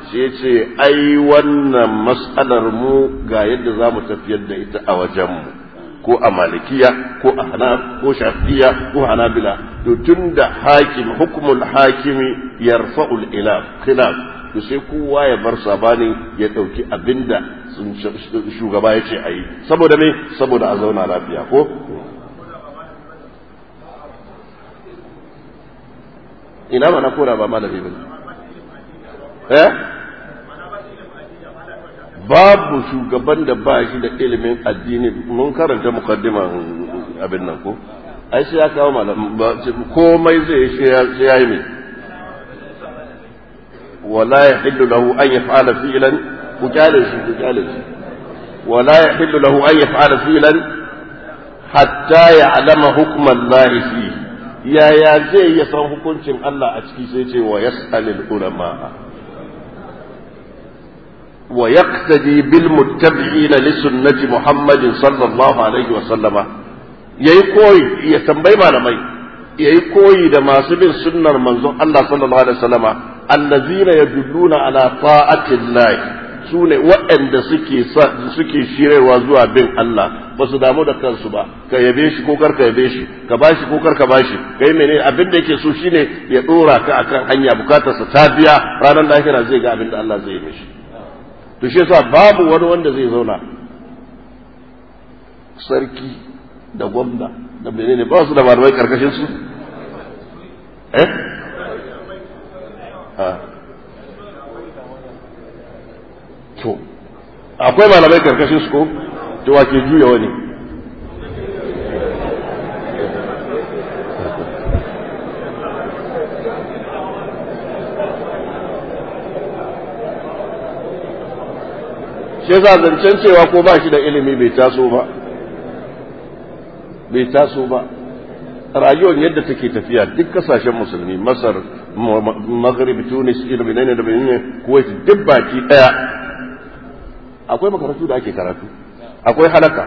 shi yace ai wannan mas'alar mu ga yadda za mu tafiyar da ita a wajen mu ko a malikiya ko a hana ko shafiya ko hanabila to tunda hakim hukmul hakimi yarfa'ul ilaf khilaf to sai kowa ya bar sabani ya dauki abinda shugaba ya ce a yi saboda me saboda a zauna lafiya ko ina ba na kora ba malami ba eh babu shugaban da ba shi da ilimin addini mun karanta mukaddiman abin nan ko ai sai ya kawo malam komai zai sai ya yi mai wala yahillu lahu an yaf'ala fi'lan ku kyale shi ku kyale shi wala yahillu lahu an yaf'ala fi'lan hatta ya'lama hukman Allah fi yaya zai ya san hukuncin Allah a ciki sai ce wa yas'alul ulama wa yaqtadi bil muttabi'ina li sunnati Muhammadin sallallahu alaihi wa sallama yayi koyi ya tambayi malamai yayi koyi da masu bin sunnar manzon Allah allazina yadulluna ala llahi sune waɗanda suke suke shirarwa zuwa bin Allah ba su damu da kansu ba ka yabe shi ko kar ka yabe shi ka bashi ko kar ka bashi kai mene abin da yake so shine ya dora ka akan hanya sa ta biya ranar lahira zai ga abin da Allah zai yi mishi to shi yasa babu wani wanda zai zauna sarki da gwamna da menene ba su da malamai karkashin su eh to akwai malamai karkashin su ko to wake juya wani shi yasa zancen cewa ko ba shi da ilimi bai taso ba bai taso ba rayuwar yadda take tafiya duk kasashen musulmi masar maghrib tunis da menene da menene kuwait duk baki daya akwai makarantu da ake karatu akwai halaka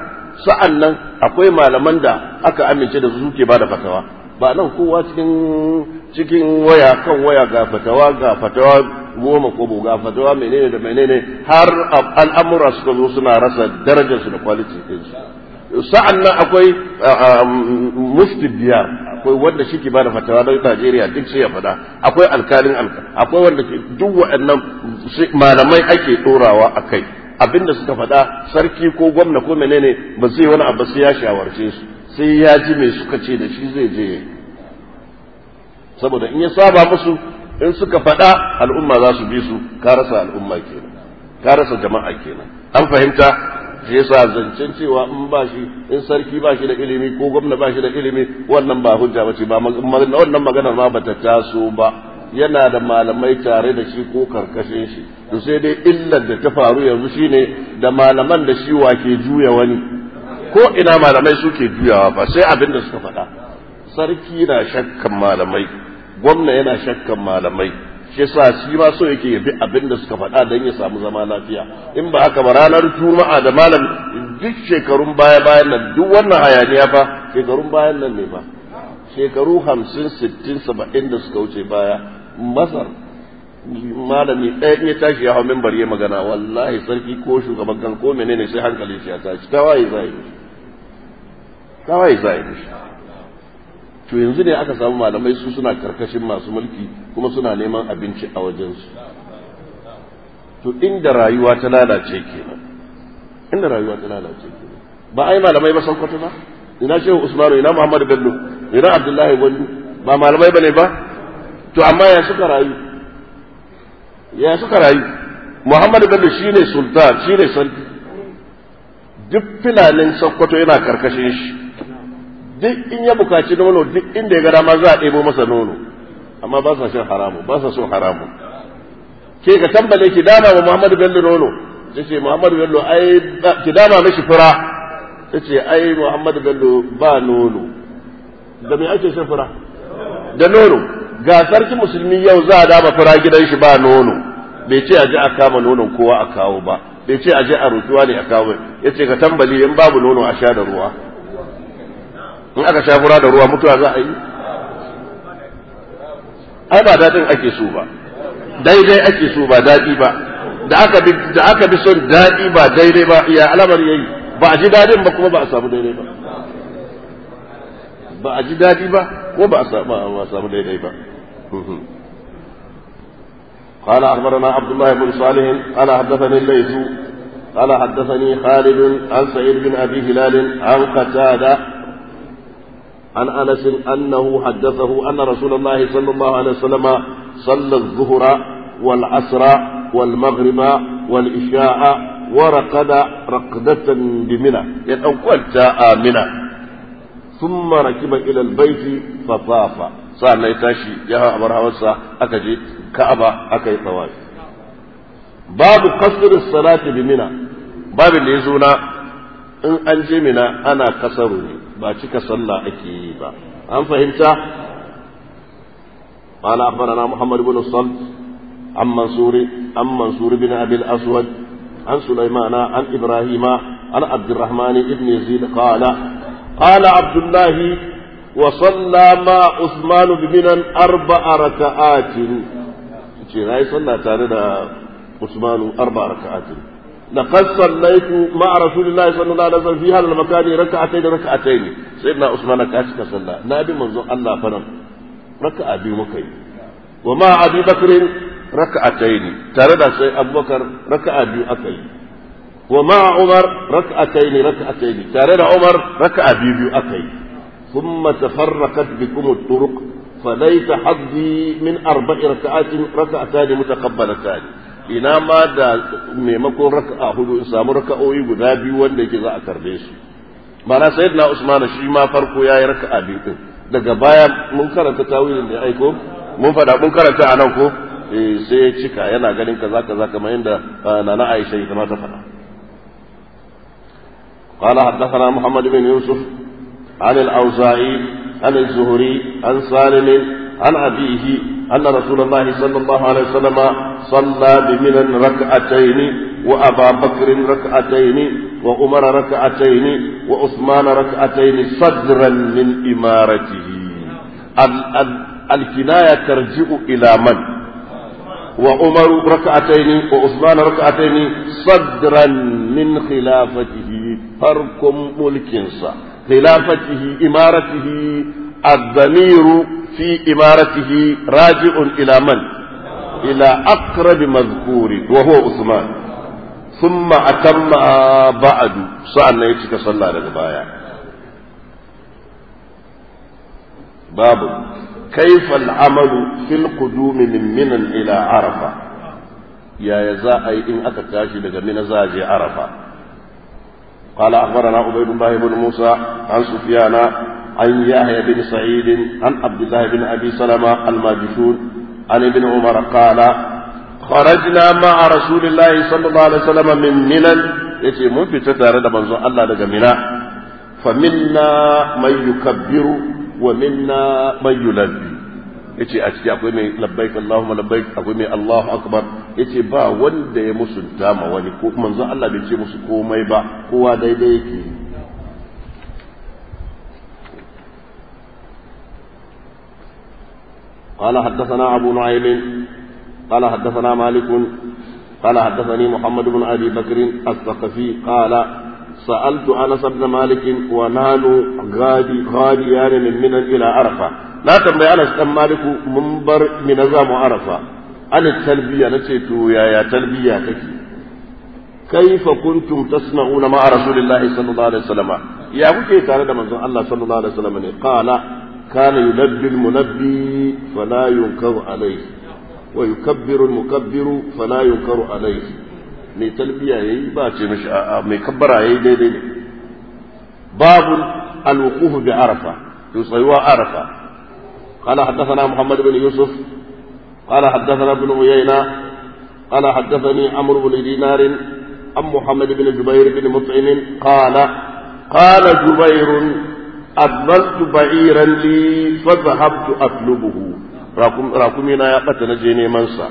sa'an nan akwai malaman da aka amince da su suke bada fatawa ba nan kowa cikin cikin waya kan waya ga fatawa ga fatawa goma ko ga fatawa menene da menene har al'amura suka zo suna rasa darajarsu da kwaliti ɗinsu sa'an nan akwai mufti biyar akwai wanda shi ke bada fatawa don Najeriya duk sai ya fada akwai alkalin akwai wanda ke duk waɗannan malamai ake dorawa a kai abinda suka fada sarki ko gwamna ko menene ba zai wani abu sai ya shawarce su sai ya ji mai suka ce da shi zai je saboda in ya saba musu in suka fada al'umma za su bi su ka rasa al'umma kenan ka rasa jama'a kenan an fahimta shi yasa zancen cewa in ba shi in sarki ba shi da ilimi ko gwamna ba shi da ilimi wannan ba hujja bace ba wannan maganar ma bata taso ba yana da malamai tare da shi ko karkashin shi to sai dai illar da ta faru yanzu shine da malaman da shi wa ke juya wani ko ina malamai suke juyawa ba sai abin da suka faɗa sarki na shakkan malamai gwamna yana shakkan malamai shi sa shi ma so yake yabi abin da suka faɗa don ya samu zama lafiya in ba haka ba ranar juma'a da malam duk shekarun baya bayan nan duk wannan hayaniya ba shekarun bayan nan ne ba shekaru hamsin sittin saba'in da suka wuce baya masar malami ɗaya ya tashi ya hau mimbar ya magana wallahi sarki ko shugaban kan ko menene sai hankali shi ya tashi tawaye zai tawaye zai mishi to yanzu ne aka samu malamai su suna karkashin masu mulki kuma suna neman abinci a wajensu to inda rayuwa ta lalace kenan inda rayuwa ta lalace kenan ba ai malamai ba san kwata ba ina shehu usmanu ina muhammadu bello ina abdullahi gwandu ba malamai bane ba to amma ya suka rayu ya suka rayu muhammadu bello shine sultan shine sarki duk filanin sokoto yana karkashin shi duk in ya bukaci nono duk inda ya ga dama za a ɗebo masa nono amma ba sa shan haramu ba sa son haramu ke ka tambale ki dama wa Muhammadu Bello nono ce Muhammadu Bello ai ki dama mishi fura ce ai Muhammadu Bello ba nono da me ake shan fura da nono ga sarki musulmi yau za a dama fura gidan shi ba nono bai ce a ji a kama nonon kowa a kawo ba bai ce a je a rutuwa ne a kawo Ya ce ka tambali in babu nono a sha da ruwa in aka sha fura da ruwa mutuwa za a yi ai ba daɗin ake so ba daidai ake so ba daɗi ba da aka bi da aka bi son daɗi ba daidai ba ya alamar yayi ba a ji daɗin ba kuma ba a samu daidai ba ba a ji daɗi ba ko ba a samu daidai ba mhm. قال أخبرنا عبد الله بن صالح قال حدثني الليث قال حدثني خالد عن سعيد بن أبي هلال عن قتادة عن أنس أنه حدثه أن رسول الله صلى الله عليه وسلم صلى الظهر والعصر والمغرب والإشاء ورقد رقدة بمنى يتأول جاء منى ثم ركب إلى البيت فطاف صار يتاشي يا أمرها وسع أكجي كعبة أكي طوافي babu kasar salati bi mina babin da ya zo na in an je mina ana kasaru ne ba cika sallah ake yi ba an fahimta qala akhbarana muhammad ibn salt an mansuri an mansuri bin abi al an sulaymana an ibrahima an عبد الرحمن ابن يزيد قال قال عبد الله وصلى ما عثمان بن اربع ركعات جراي صلى تاره عثمان اربع ركعات لقد صليت مع رسول الله صلى الله عليه وسلم في هذا المكان ركعتين ركعتين سيدنا عثمان كاشك صلى نادي منذ الله فرم ركع أبي مكي ومع أبي بكر ركعتين تردى سي أبو بكر ركع أبي أكي ومع عمر ركعتين ركعتين تردى عمر ركع أبي أكي ثم تفرقت بكم الطرق فليت حظي من أربع ركعات ركعتان متقبلتان ina ma da maimakon raka'a hudu in samu raka'o'i guda biyu wanda yake za a karbe su mana sayyidina usman shi ma farko yayi raka'a biyu din daga baya mun karanta tawilin da aiko mun fada mun karanta anan ko eh sai ya cika yana ganin kaza kaza kamar yadda ah, nana Aisha ita ma ta fada قال حدثنا محمد بن يوسف عن الأوزاعي عن الزهري عن سالم عن أبيه أن رسول الله صلى الله عليه وسلم صلى بمنى ركعتين وأبا بكر ركعتين وعمر ركعتين وعثمان ركعتين صدرا من إمارته ال ال الكناية ترجع إلى من وعمر ركعتين وعثمان ركعتين صدرا من خلافته فركم ملكنسا خلافته إمارته الضمير في إمارته راجع إلى من إلى أقرب مذكور وهو عثمان ثم أتم بعد سألنا يتك صلى الله على باب كيف العمل في القدوم من من إلى عرفة يا يزا أي إن أتكاشي لك من زاجي عرفة قال أخبرنا عبيد الله بن موسى عن سفيان عن يحيى بن سعيد عن عبد الله بن أبي سلمة الماجشون عن ابن عمر قال خرجنا مع رسول الله صلى الله عليه وسلم من منن يتي من في تتارى منزو الله دغ منا فمنا من يكبر ومنا من يلبي yace a ciki akwai mai labbaik Allahumma labbaik akwai mai Allahu akbar yace ba wanda ya musunta ma wani ko manzon Allah bai ce musu komai ba kowa daidai yake قال حدثنا أبو نعيم قال حدثنا مالك قال حدثني محمد بن أبي بكر الثقفي قال سألت أنس بن مالك ونحن غادي غاديان من منى إلى عرفة لا تنبي أنس بن مالك منبر من نظام عرفة عن التلبية نسيت يا يا تلبية تكي كيف كنتم تصنعون مع رسول الله صلى الله عليه وسلم يا أبو كي تعالى من الله صلى الله عليه وسلم قال كان يلبي الملبي فلا ينكر عليه ويكبر المكبر فلا ينكر عليه mai talbiya ya yi ba ce mashi a'a mai kabbara ya yi daidai ne babu alwukufu bi arafa yutsayuwa arafa قال حدثنا محمد بن يوسف قال حدثنا ابن عيينة قال حدثني عمرو بن دينار عن محمد بن جبير بن مطعم قال قال جبير adlaltu ba'iran li fa dhahabtu atlubuhu rakum rakumina ya bata naje neman sa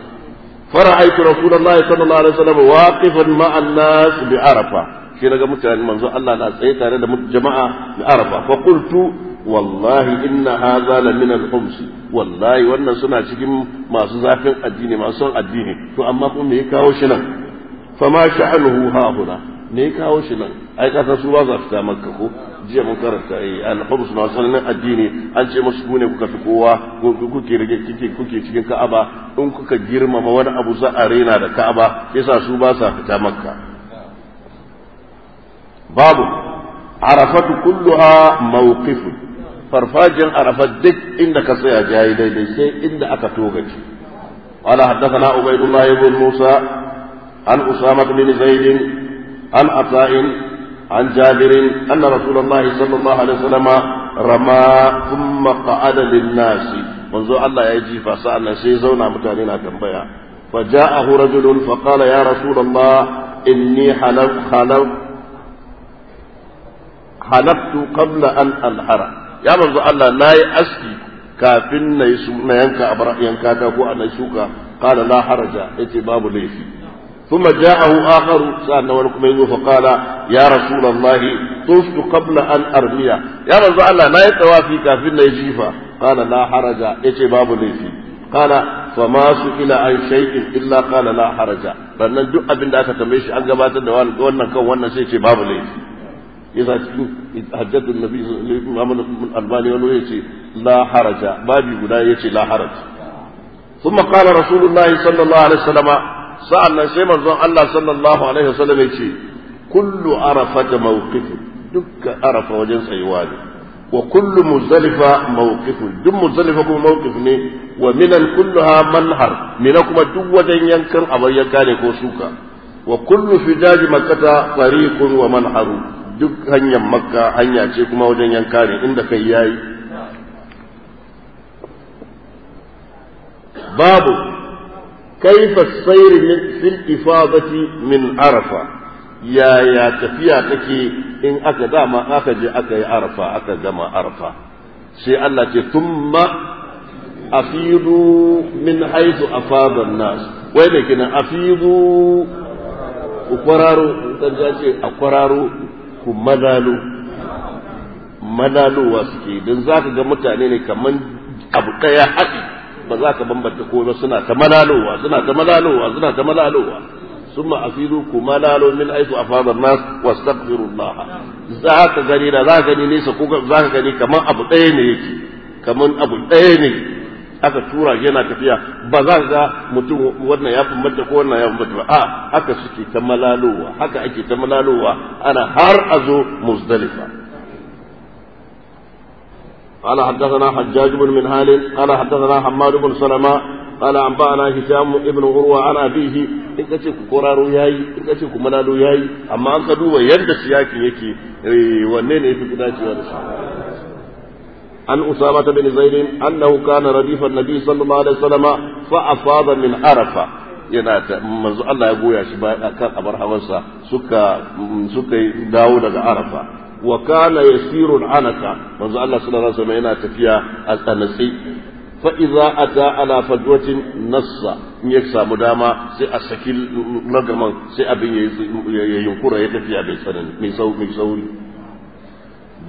fara'aytu rasulullahi sallallahu alaihi wasallam waqifan ma'an nas bi arafa sai naga mutane manzo Allah na tsaye tare da jama'a na Arafa fa qultu wallahi inna hadha la min al-khums wallahi wannan suna cikin masu zafin addini masu son addini to amma kuma me ya kawo shi nan fa ma sha'anuhu ha huna ne ya kawo shi nan ai ka san su ba za fita makka ko jiya mun karanta eh addini an ce musu ku ne kuka fi kowa kuke rage kike kuke cikin Ka'aba in kuka girmama wani abu za a rena da Ka'aba yasa su ba sa fita Makka babu arafatu kulluha mawqifun farfajin arafat duk inda ka tsaya jayi daidai sai inda aka togace قال حدثنا عبيد الله musa musa usama أسامة بن زيد an عن جابر أن رسول الله صلى الله عليه وسلم رمى ثم قعد للناس منذ الله يجي فسألنا سيزونا متانين أتنبيا فجاءه رجل فقال يا رسول الله إني حلف خلف حلفت قبل أن أنحر يا منذ الله لا يأسكي كافن ينكا أبرأ ينكا تكو أن يشوكا قال لا حرج اتباب ليفي ثم جاءه آخر سألنا ولكم يقول فقال يا رسول الله طفت قبل أن أرمي يا رسول الله لا يتوافي كافرنا يجيفا قال لا حرج يتي باب ليسي قال فما سئل عن شيء إلا قال لا حرج فلن دعا بن داك تمشي أن قبات الدوال قولنا كوانا ونسي باب ليسي إذا حجة النبي صلى الله عليه محمد الألباني ونويتي لا حرج بابي قدا يتي لا حرج ثم قال رسول الله صلى الله عليه وسلم sa'an nan sai manzon Allah sallallahu alaihi wasallam ya ce kullu arafa da mawqifu dukkan arafa wajen tsayuwa ne wa kullu muzalifa mawqifu duk muzalifa kuma mawqif ne wa minan kullu ha manhar mina kuma duk wajen yankan abar yanka ne ko suka wa kullu makata makkata kun wa manharu duk hanyar makka hanya ce kuma wajen yanka ne inda kai yayi babu كيف السير من في الإفاضة من عرفة يا يا تفيا تكي إن أكا داما أكا جي أكا عرفة أكا جما عرفة سي الله ثم أفيدوا من حيث أفاض الناس وين أفيدوا أفيضوا أقراروا أقراروا كمدالوا madalowa suke don za ka ga mutane ne kamar abu ɗaya haɗi ba za ka bambanta ko ba suna ta malalowa suna ta malalowa suna ta malalowa summa afidu ku malalo min aitu afadar nas wastaghfirullah za ka gani da za ka gani nesa ko za ka gani kamar abu ɗaya ne yake kamar abu ɗaya ne aka tura yana tafiya ba za ga mutum wannan ya bambanta ko wannan ya bambanta ba a haka suke ta malalowa haka ake ta malalowa ana har a zo muzdalifa قال حدثنا حجاج بن منهال قال حدثنا حماد بن سلمة قال أنبأنا هشام ابن عروة عن أبيه in ka ce ku kwararo ya yi in ka ce ku malalo ya yi amma an ka duba yadda siyakin yake wanne ne yafi dacewa da shi an usama ta bin zaidin nabi sallallahu alaihi wasallama fa afada min arafa yana ta manzo Allah ya goya shi bayan akan abar hawansa suka suka dawo daga arafa wa kana yasirun anaka manzo Allah sallallahu alaihi wasallam yana tafiya a tsanasi fa idza ata ala fadwatin nassa in ya samu dama sai a sakil nagaman sai abin ya yunkura ya tafiya bai tsanani mai sau mai sauri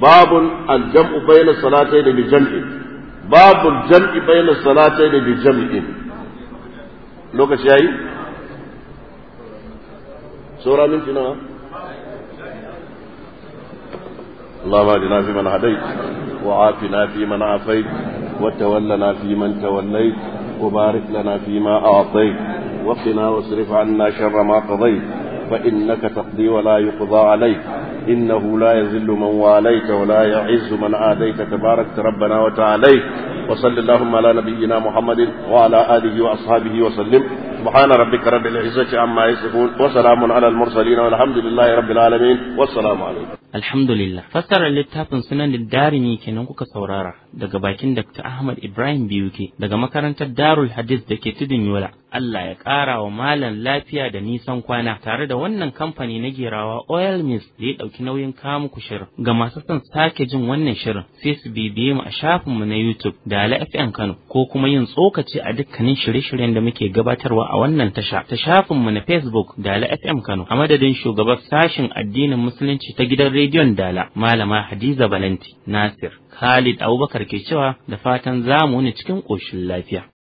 babun aljam'u bayna salatai da jam'in babun jam'i bayna salatai da jam'in lokaci yayi saura minti nawa اللهم اهدنا فيمن هديت وعافنا فيمن عافيت وتولنا فيمن توليت وبارك لنا فيما أعطيت وقنا واصرف عنا شر ما قضيت فإنك تقضي ولا يقضى عليك إنه لا يذل من واليت ولا يعز من عاديت تبارك ربنا وتعاليت وصل اللهم على نبينا محمد وعلى آله وأصحابه وسلم subhana rabbika rabbil izzati amma yasifun wa salamun ala al mursalin walhamdulillahi rabbil alamin wassalamu alaikum alhamdulillah fassara littafin sunan darimi kenan kuka saurara daga bakin Dr. Ahmad Ibrahim Biyuke daga makarantar Darul Hadith da ke tudun Yola. Allah ya ƙara wa malam lafiya da nisan kwana tare da wannan kamfani na gerawa Oil Mills da ya ɗauki nauyin kamu ku shirin. Ga masu son sake jin wannan shirin sai su bibiye mu a shafinmu na YouTube da FM Kano ko kuma yin tsokaci a dukkanin shirye-shiryen da muke gabatarwa a wannan tasha ta shafinmu na Facebook da Ala FM Kano a madadin shugaban sashin addinin musulunci ta gidan rediyon Dala Malama Hadiza Balanti Nasir. Khalid Abubakar ke cewa da fatan zamu ne cikin ƙoshin lafiya.